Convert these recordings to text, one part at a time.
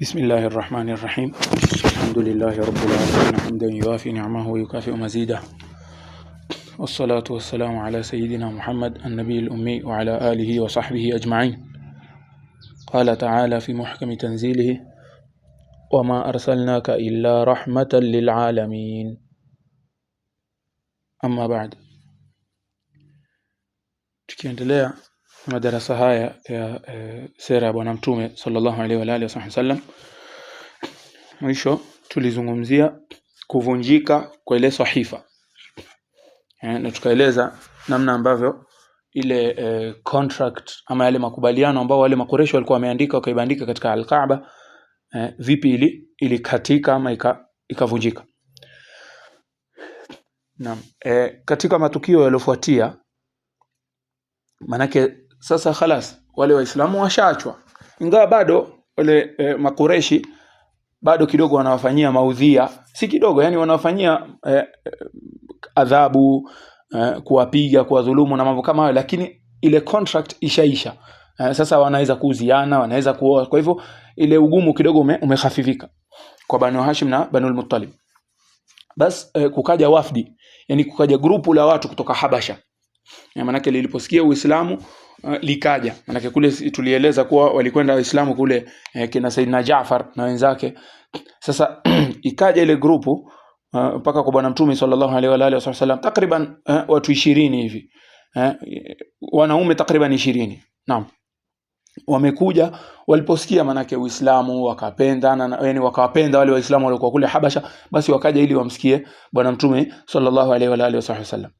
بسم الله الرحمن الرحيم الحمد لله رب العالمين حمدا يوافي نعمه ويكافئ مزيده والصلاة والسلام على سيدنا محمد النبي الأمي وعلى آله وصحبه أجمعين قال تعالى في محكم تنزيله وما أرسلناك إلا رحمة للعالمين أما بعد tukiendelea madarasa haya ya e, sera ya Bwana Mtume sallallahu alaihi wa alihi wasallam. Mwisho tulizungumzia kuvunjika kwa ile sahifa e, na tukaeleza namna ambavyo ile e, contract ama yale makubaliano ambao wale makoresho walikuwa wameandika wakaibandika katika Al-Kaaba e, vipi ili ilikatika ama ikavunjika ika Naam. E, katika matukio yaliyofuatia manake sasa khalas wale waislamu washachwa ingawa bado wale e, eh, makureshi bado kidogo wanawafanyia maudhia si kidogo yani wanawafanyia e, adhabu e, kuwapiga kuwadhulumu na mambo kama hayo lakini ile contract ishaisha e, sasa wanaweza kuuziana wanaweza kuoa kwa hivyo ile ugumu kidogo ume, umehafifika kwa banu hashim na banu muttalib bas e, kukaja wafdi yani kukaja grupu la watu kutoka habasha Eh, maanake liliposikia Uislamu uh, likaja. Maanake kule tulieleza kuwa walikwenda Waislamu kule eh, kina Saidina Jaafar na wenzake. Sasa ikaja ile grupu eh, mpaka uh, kwa Bwana Mtume sallallahu alaihi wa alihi wasallam takriban uh, watu ishirini hivi uh, wanaume takriban ishirini naam wamekuja waliposikia manake Uislamu wakapenda na yani wakawapenda wale Waislamu waliokuwa kule Habasha, basi wakaja ili wamsikie Bwana Mtume sallallahu alaihi wa alihi wasallam. wa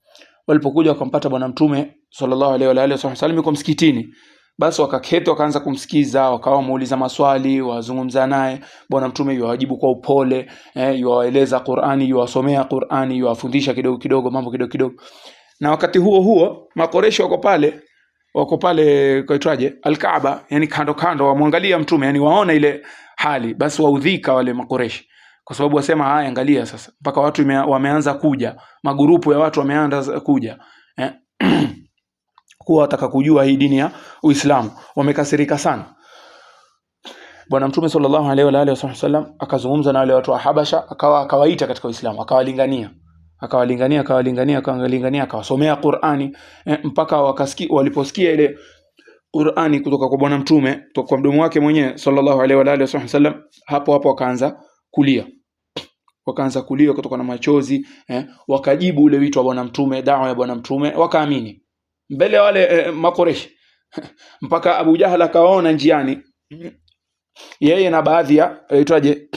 walipokuja wakampata bwana mtume sallallahu alaihi wa alihi wasallam yuko msikitini basi wakaketi wakaanza kumsikiza wakawa wamuuliza maswali wazungumza naye bwana mtume yuwajibu kwa upole eh, yuwaeleza qurani yuwasomea qurani yuwafundisha kidogo kidogo mambo kidogo kidogo na wakati huo huo makoresho wako pale wako pale kaitwaje alkaaba yani kando kando wamwangalia mtume yani waona ile hali basi waudhika wale makoreshi kwa sababu wasema haya, angalia sasa, mpaka watu wameanza kuja, magurupu ya watu wameanza kuja eh, kuwa wataka kujua hii dini ya Uislamu, wamekasirika sana. Bwana Mtume sallallahu alaihi wa alihi wasallam akazungumza na wale watu wa Habasha, akawa akawaita katika Uislamu, akawalingania akawalingania akawalingania akawalingania akawasomea Qur'ani eh, mpaka wakasikia waliposikia ile Qur'ani kutoka kwa Bwana Mtume kwa mdomo wake mwenyewe sallallahu alaihi wa alihi wasallam, hapo hapo wakaanza kulia wakaanza kulia kutoka na machozi eh, wakajibu ule wito wa bwana mtume dawa ya bwana mtume wakaamini mbele wale eh, eh makoreshi mpaka Abu Jahal akawaona njiani yeye na baadhi ya aitwaje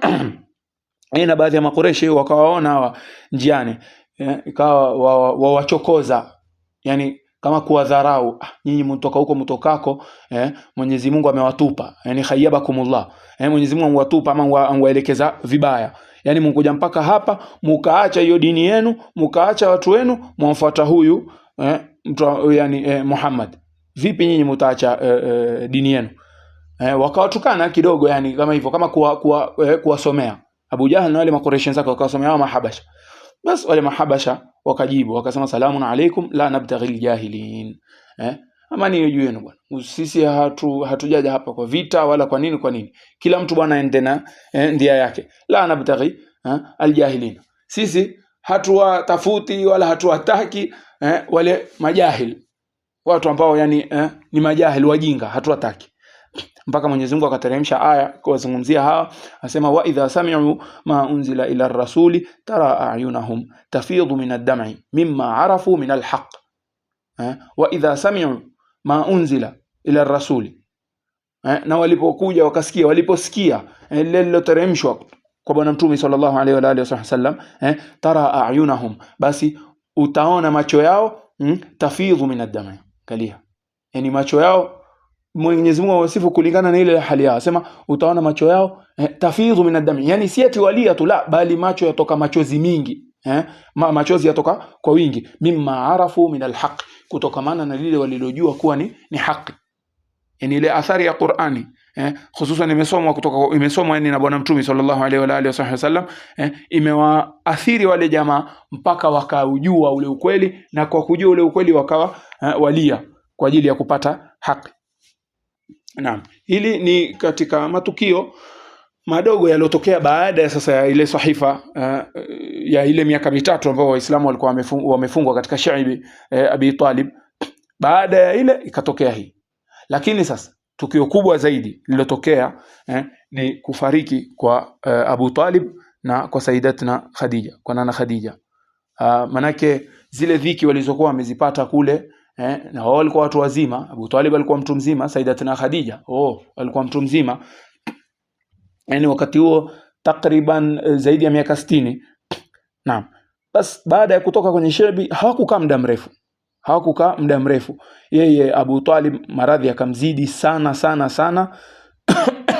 yeye na baadhi ya makoreshi wakawaona hawa njiani eh, ikawa eh, wawachokoza wa, wa, wa yani kama kuwadharau ah, nyinyi mtoka huko mtokako eh, Mwenyezi Mungu amewatupa yani eh, khayabakumullah eh, Mwenyezi Mungu amewatupa ama amwaelekeza vibaya yani mkuja mpaka hapa mukaacha hiyo dini yenu mukaacha watu wenu mwamfuata huyu eh, mtu yani eh, Muhammad vipi nyinyi mtaacha eh, eh, dini yenu eh, wakawatukana kidogo yani kama hivyo kama kuwasomea kuwa, eh, kuwa Abu Jahal na wale makoreshi zake wakawasomea wa mahabasha bas wale mahabasha wakajibu wakasema, salamun alaikum la nabtaghi ljahilin eh? Amani iwe juu yenu bwana, sisi hatu hatujaja hapa kwa vita wala kwa nini kwa nini, kila mtu bwana aende na eh, ndia yake. La nabtaghi eh, aljahilin, sisi hatuwatafuti wala hatuwataki eh, wale majahil, watu ambao yani eh, ni majahil wajinga, hatuwataki mpaka Mwenyezi Mungu akateremsha aya kuwazungumzia hawa, asema wa idha sami'u ma unzila ila rasuli tara ayunahum tafidhu min ad-dam'i mimma arafu min al-haq. Eh, wa idha sami'u ma unzila ila rasuli, eh, na walipokuja wakasikia, waliposikia eh, lile liloteremshwa kwa Bwana Mtume sallallahu alaihi wa alihi wasallam, tara ayunahum, basi utaona macho yao hmm, tafidhu min ad-dam'i, kalia, yani macho yao Mwenyezi Mungu awasifu kulingana na ile hali yao, asema utaona macho yao eh, tafidhu min adami, yani si eti walia tu la, bali macho yatoka machozi mingi eh, ma, machozi yatoka kwa wingi, mimma arafu min alhaq, kutokamana na lile walilojua kuwa ni, ni haki, yani ile athari ya Qur'ani eh, hususan imesomwa kutoka imesomwa yani na Bwana Mtume sallallahu alaihi wa alihi wasallam eh, imewaathiri wale jamaa mpaka wakaujua ule ukweli, na kwa kujua ule ukweli wakawa eh, walia kwa ajili ya kupata haki. Naam, hili ni katika matukio madogo yaliyotokea baada ya sasa ya ile sahifa uh, ya ile miaka mitatu ambayo Waislamu walikuwa wamefungwa katika Shaibi eh, Abi Talib. Baada ya ile ikatokea hii, lakini sasa tukio kubwa zaidi lililotokea eh, ni kufariki kwa uh, Abu Talib na kwa Saidatna Khadija, kwa nana Khadija uh, manake zile dhiki walizokuwa wamezipata kule eh, na wao walikuwa watu wazima. Abu Talib alikuwa mtu mzima, Saidatina Khadija oh, alikuwa mtu mzima, yani wakati huo takriban eh, zaidi ya miaka sitini. Naam, bas baada ya kutoka kwenye shebi hawakukaa muda mrefu hawakukaa muda mrefu. Yeye Abu Talib maradhi akamzidi sana sana sana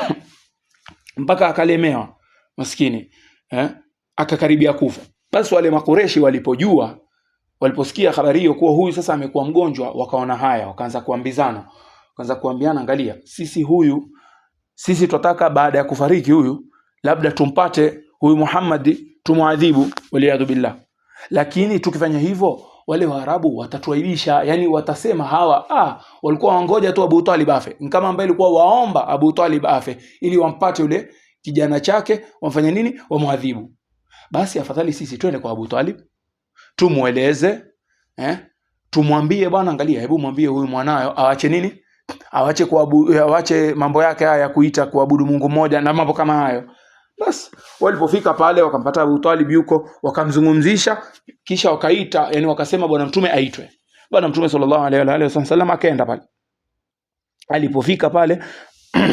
mpaka akalemewa maskini eh, akakaribia kufa. Basi wale makureshi walipojua waliposikia habari hiyo kuwa huyu sasa amekuwa mgonjwa, wakaona haya, wakaanza kuambizana, wakaanza kuambiana, angalia, sisi huyu sisi tunataka baada ya kufariki huyu, labda tumpate huyu Muhammad tumuadhibu, waliyadhu billah. Lakini tukifanya hivyo wale Waarabu watatuaibisha, yani watasema hawa ah, walikuwa wangoja tu Abu Talib afe, ni kama ambaye alikuwa waomba Abu Talib afe ili wampate yule kijana chake, wamfanye nini? Wamuadhibu. Basi afadhali sisi twende kwa Abu Talib tumweleze eh? Tumwambie bwana, angalia, hebu mwambie huyu mwanayo awache nini, awache kuabu, awache mambo yake haya ya kuita kuabudu Mungu mmoja na mambo kama hayo. Bas walipofika pale wakampata Abu Talib yuko, wakamzungumzisha, kisha wakaita, yani wakasema bwana mtume aitwe. Bwana mtume sallallahu alaihi wa alihi wasallam akaenda pale. Alipofika pale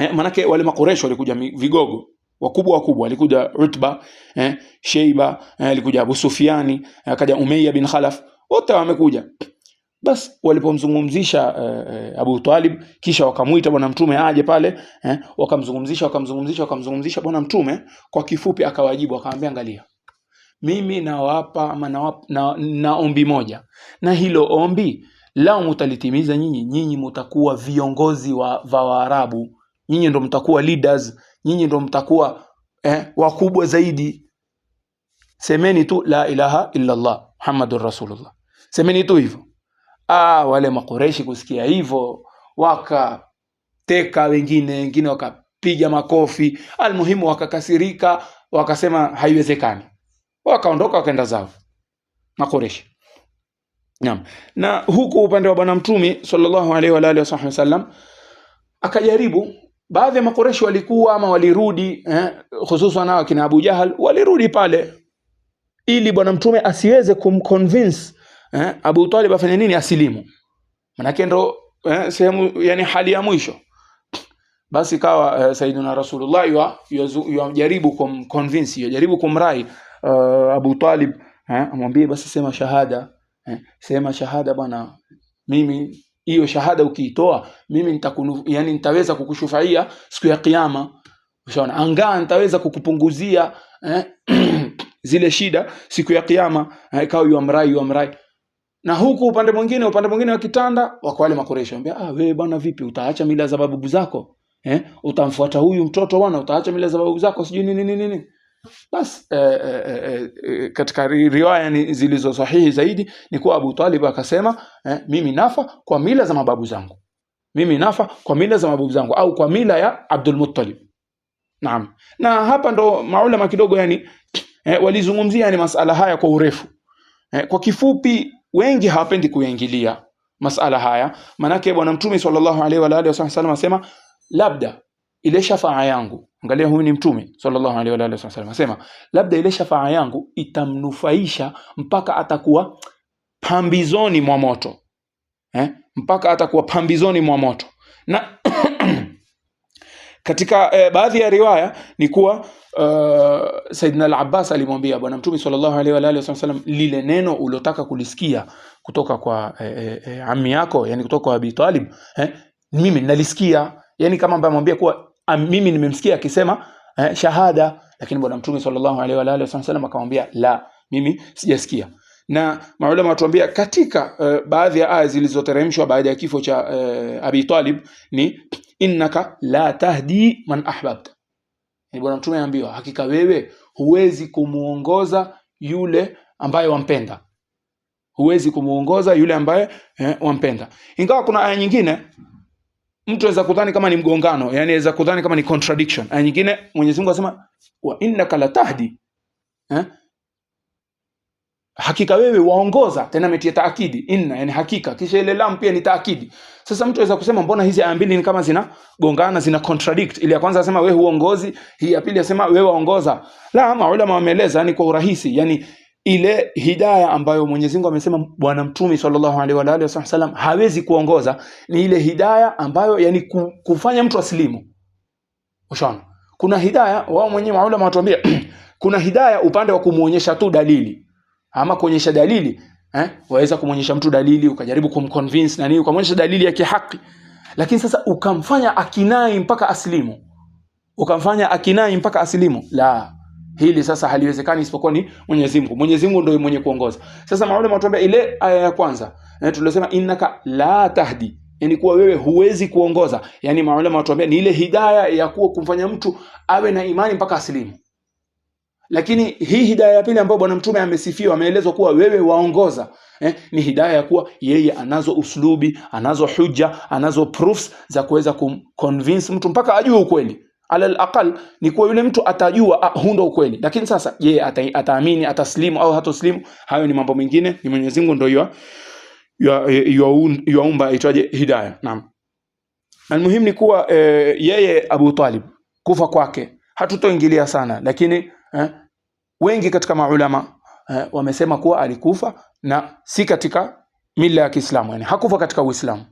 eh, manake wale makoresho walikuja vigogo wakubwa wakubwa, alikuja Utba eh, Sheiba eh, alikuja Abu Sufiani, eh, akaja eh, Umayya bin Khalaf, wote wamekuja. Bas walipomzungumzisha eh, eh Abu Talib, kisha wakamuita bwana mtume aje pale eh, wakamzungumzisha wakamzungumzisha wakamzungumzisha bwana mtume. Kwa kifupi akawajibu akamwambia, angalia, mimi nawapa ama na, na ombi moja, na hilo ombi lao mutalitimiza nyinyi, nyinyi mutakuwa viongozi wa, wa Waarabu, nyinyi ndo mtakuwa leaders nyinyi ndo mtakuwa eh, wakubwa zaidi semeni tu la ilaha illa Allah Muhammadur Rasulullah semeni tu hivyo ah wale makureshi kusikia hivyo wakateka wengine wengine wakapiga makofi almuhimu wakakasirika wakasema haiwezekani wakaondoka wakaenda zao makureshi Naam. Na huku upande wa bwana mtume sallallahu alaihi wa alihi wasallam akajaribu baadhi ya makoreshi walikuwa ama walirudi eh, hususan nao kina Abu Jahal walirudi pale ili bwana mtume asiweze kumconvince eh, Abu Talib afanye nini asilimu manake ndo eh, sehemu yani hali ya mwisho basi kawa eh, Saidina Rasulullah yajaribu kumconvince yajaribu kumrai uh, Abu Talib eh, amwambie basi sema shahada eh, sema shahada bwana mimi hiyo shahada ukiitoa mimi nitakunu, yani nitaweza kukushufaia siku ya kiyama ushaona angaa nitaweza kukupunguzia eh, zile shida siku ya kiyama eh, ikawa eh, yuamrai yuamrai na huku upande mwingine upande mwingine wa kitanda wako wale makoresha, ambia ah, wewe bwana vipi utaacha mila za babu zako eh? utamfuata huyu mtoto bwana utaacha mila za babu zako sijui nini nini nini bas eh, eh, eh, eh, eh katika riwaya ni zilizo sahihi zaidi ni kuwa Abu Talib akasema eh, mimi nafa kwa mila za mababu zangu, mimi nafa kwa mila za mababu zangu au kwa mila ya Abdul Muttalib. Naam, na hapa ndo maulama kidogo yani eh, walizungumzia yani masala haya kwa urefu eh, kwa kifupi, wengi hawapendi kuingilia masala haya, manake Bwana Mtume sallallahu alaihi wa alihi wasallam asema labda ile shafaa yangu, angalia, huyu ni Mtume sallallahu alaihi wa alihi wasallam asema, labda ile shafaa yangu itamnufaisha mpaka atakuwa pambizoni mwa moto eh? mpaka atakuwa pambizoni mwa moto na katika eh, baadhi ya riwaya ni kuwa uh, eh, Saidina al-Abbas alimwambia Bwana Mtume sallallahu alaihi wa alihi wasallam, lile neno uliotaka kulisikia kutoka kwa eh, eh, eh ami yako, yani kutoka kwa Abi Talib eh, mimi nalisikia, yani kama ambaye amwambia kuwa mimi nimemsikia akisema eh, shahada, lakini bwana mtume sallallahu alaihi wa alihi wasallam akamwambia la, mimi sijasikia. Na maulama watuambia katika uh, baadhi ya aya zilizoteremshwa baada ya kifo cha uh, Abi Talib ni innaka la tahdi man ahbabta, yani bwana mtume anaambiwa hakika wewe huwezi kumuongoza yule ambaye wampenda huwezi kumuongoza yule ambaye eh, wampenda. Ingawa kuna aya nyingine mtu aweza kudhani kama ni mgongano, yani aweza kudhani kama ni contradiction. Aya nyingine Mwenyezi Mungu asema wa innaka tahdi eh? Hakika wewe waongoza, tena ametia taakidi inna, yani hakika, kisha ile lam pia ni taakidi. Sasa mtu anaweza kusema mbona hizi aya mbili ni kama zinagongana, zina contradict? Ile ya kwanza anasema wewe huongozi, hii ya pili anasema wewe waongoza. La, maulama wameeleza yani kwa urahisi, yani ile hidaya ambayo Mwenyezi Mungu amesema Bwana Mtume sallallahu alaihi wa alihi wasallam hawezi kuongoza ni ile hidaya ambayo yani kufanya mtu aslimu. Ushaona? Kuna hidaya wao mwenyewe maulama watuambia kuna hidaya upande wa kumuonyesha tu dalili ama kuonyesha dalili eh? Waweza kumuonyesha mtu dalili ukajaribu kumconvince na nini ukamwonyesha dalili ya kihaki, lakini sasa ukamfanya akinai mpaka aslimu, ukamfanya akinai mpaka aslimu la hili sasa haliwezekani isipokuwa ni Mwenyezi Mungu. Mwenyezi Mungu ndio mwenye kuongoza. Sasa maulama wanatuambia ile aya ya kwanza na eh, tulisema innaka la tahdi, yani kuwa wewe huwezi kuongoza. Yani maulama wanatuambia ni ile hidaya ya kuwa kumfanya mtu awe na imani mpaka asilimu. Lakini hii hidaya ya pili ambayo Bwana Mtume amesifiwa, ameelezwa kuwa wewe waongoza eh, ni hidaya ya kuwa yeye anazo uslubi, anazo hujja, anazo proofs za kuweza kumconvince mtu mpaka ajue ukweli alal aqal ni kuwa yule mtu atajua ah, huu ndo ukweli. Lakini sasa je, ata, ataamini ataslimu au hatoslimu? Hayo ni mambo mengine, ni Mwenyezi Mungu ndio yaumba itwaje hidaya. Naam, almuhimu ni kuwa e, yeye Abu Talib kufa kwake hatutoingilia sana, lakini eh, wengi katika maulama eh, wamesema kuwa alikufa na si katika mila ya Kiislamu, yani hakufa katika Uislamu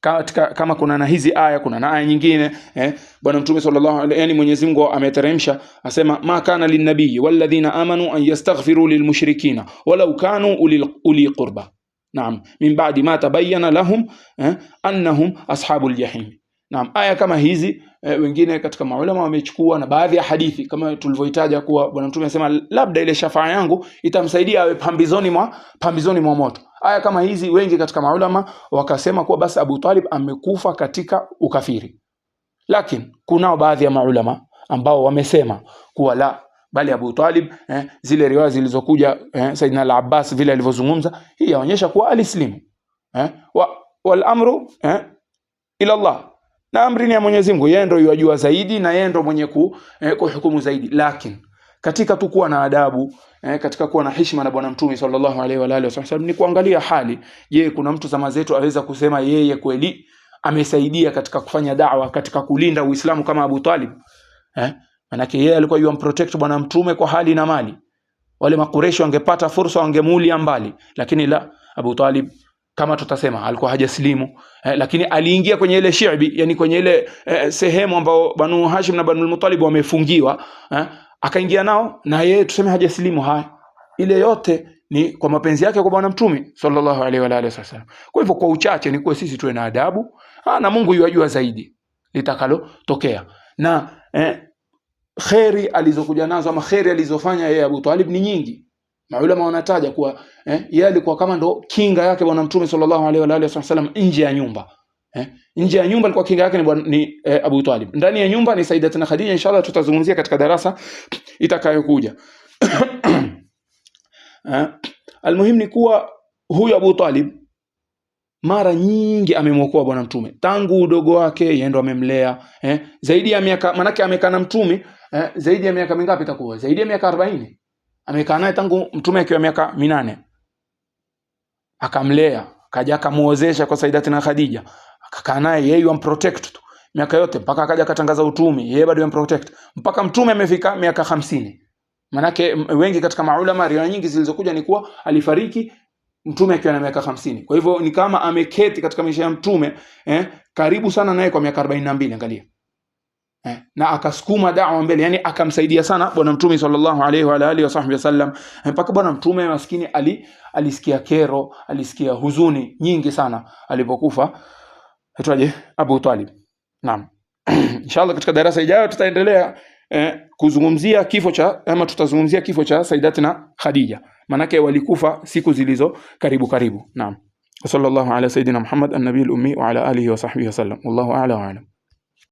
katika, kama kuna na hizi aya kuna na aya nyingine eh, bwana mtume sallallahu alaihi yani Mwenyezi Mungu ameteremsha asema, ma kana linnabii walladhina amanu an yastaghfiru lilmushrikina walau kanu uli, qurba naam min ba'di ma tabayyana lahum eh, annahum ashabul jahim na aya kama hizi e, wengine katika maulama wamechukua na baadhi ya hadithi kama tulivyohitaja kuwa Bwana Mtume anasema labda ile shafaa yangu itamsaidia awe pambizoni mwa pambizoni mwa moto. Aya kama hizi wengi katika maulama wakasema kuwa basi Abu Talib amekufa katika ukafiri, lakini kunao baadhi ya maulama ambao wamesema kuwa la bali Abu Talib eh, zile riwaya zilizokuja eh, Saidina al-Abbas vile alivyozungumza, hii yaonyesha kuwa alislimu eh, wa, wal amru eh, ila Allah na amri ni ya Mwenyezi Mungu, yeye ndio yajua zaidi na yeye ndio mwenye ku, eh, kuhukumu zaidi. Lakini katika tu kuwa na adabu eh, katika kuwa na heshima na Bwana Mtume sallallahu alaihi wa alihi wasallam ni kuangalia hali. Je, kuna mtu zama zetu aweza kusema yeye kweli amesaidia katika kufanya da'wa, katika kulinda Uislamu kama Abu Talib eh? Manake yeye alikuwa yuam protect Bwana Mtume kwa hali na mali. Wale makureshi wangepata fursa wangemuulia mbali, lakini la Abu Talib kama tutasema alikuwa hajasilimu eh, lakini aliingia kwenye ile shibi, yani kwenye ile eh, sehemu ambayo Banu Hashim na Banu Muttalib wamefungiwa eh, akaingia nao na yeye tuseme hajasilimu. Haya, ile yote ni kwa mapenzi yake kwa Bwana Mtume sallallahu alaihi wa alihi wasallam. Kwa hivyo kwa uchache ni kwa sisi tuwe na adabu ha, ah, na Mungu yajua zaidi litakalo tokea na eh, kheri alizokuja nazo ama kheri alizofanya yeye Abu Talib ni nyingi Maulama wanataja kuwa eh, yeye alikuwa kama ndo kinga yake Bwana Mtume sallallahu alaihi wa alihi wasallam nje ya nyumba eh, nje ya nyumba alikuwa kinga yake ni, ni eh, Abu Talib. Ndani ya nyumba ni Sayyidatina Khadija, inshallah tutazungumzia katika darasa itakayokuja. eh, almuhim ni kuwa huyu Abu Talib mara nyingi amemwokoa Bwana Mtume tangu udogo wake, yeye ndo amemlea eh, zaidi ya miaka manake amekaa na Mtume eh, zaidi ya miaka mingapi itakuwa zaidi ya miaka arobaini amekaa naye tangu mtume akiwa miaka minane akamlea kaja akamuozesha kwa Saidatina Khadija akakaa naye yeye yu yamprotect tu miaka yote mpaka akaja akatangaza utume yeye bado yu protect mpaka mtume amefika miaka hamsini manake wengi katika maulama riwaya nyingi zilizokuja ni kuwa alifariki mtume akiwa na miaka hamsini kwa hivyo ni kama ameketi katika maisha ya mtume eh, karibu sana naye kwa miaka arobaini na mbili angalia eh, na akasukuma dawa mbele, yani akamsaidia sana bwana mtume sallallahu alaihi wa alihi wasahbihi wasallam, eh, mpaka bwana mtume maskini ali, alisikia kero, alisikia huzuni nyingi sana alipokufa aitwaje Abu Talib. Naam. Inshallah katika darasa ijayo tutaendelea eh, kuzungumzia kifo cha ama tutazungumzia kifo cha Saidatina Khadija. Manake walikufa siku zilizo karibu karibu. Naam. Sallallahu ala sayidina Muhammad an-nabiyil ummi wa ala alihi wa sahbihi wasallam. Wallahu a'la wa a'lam.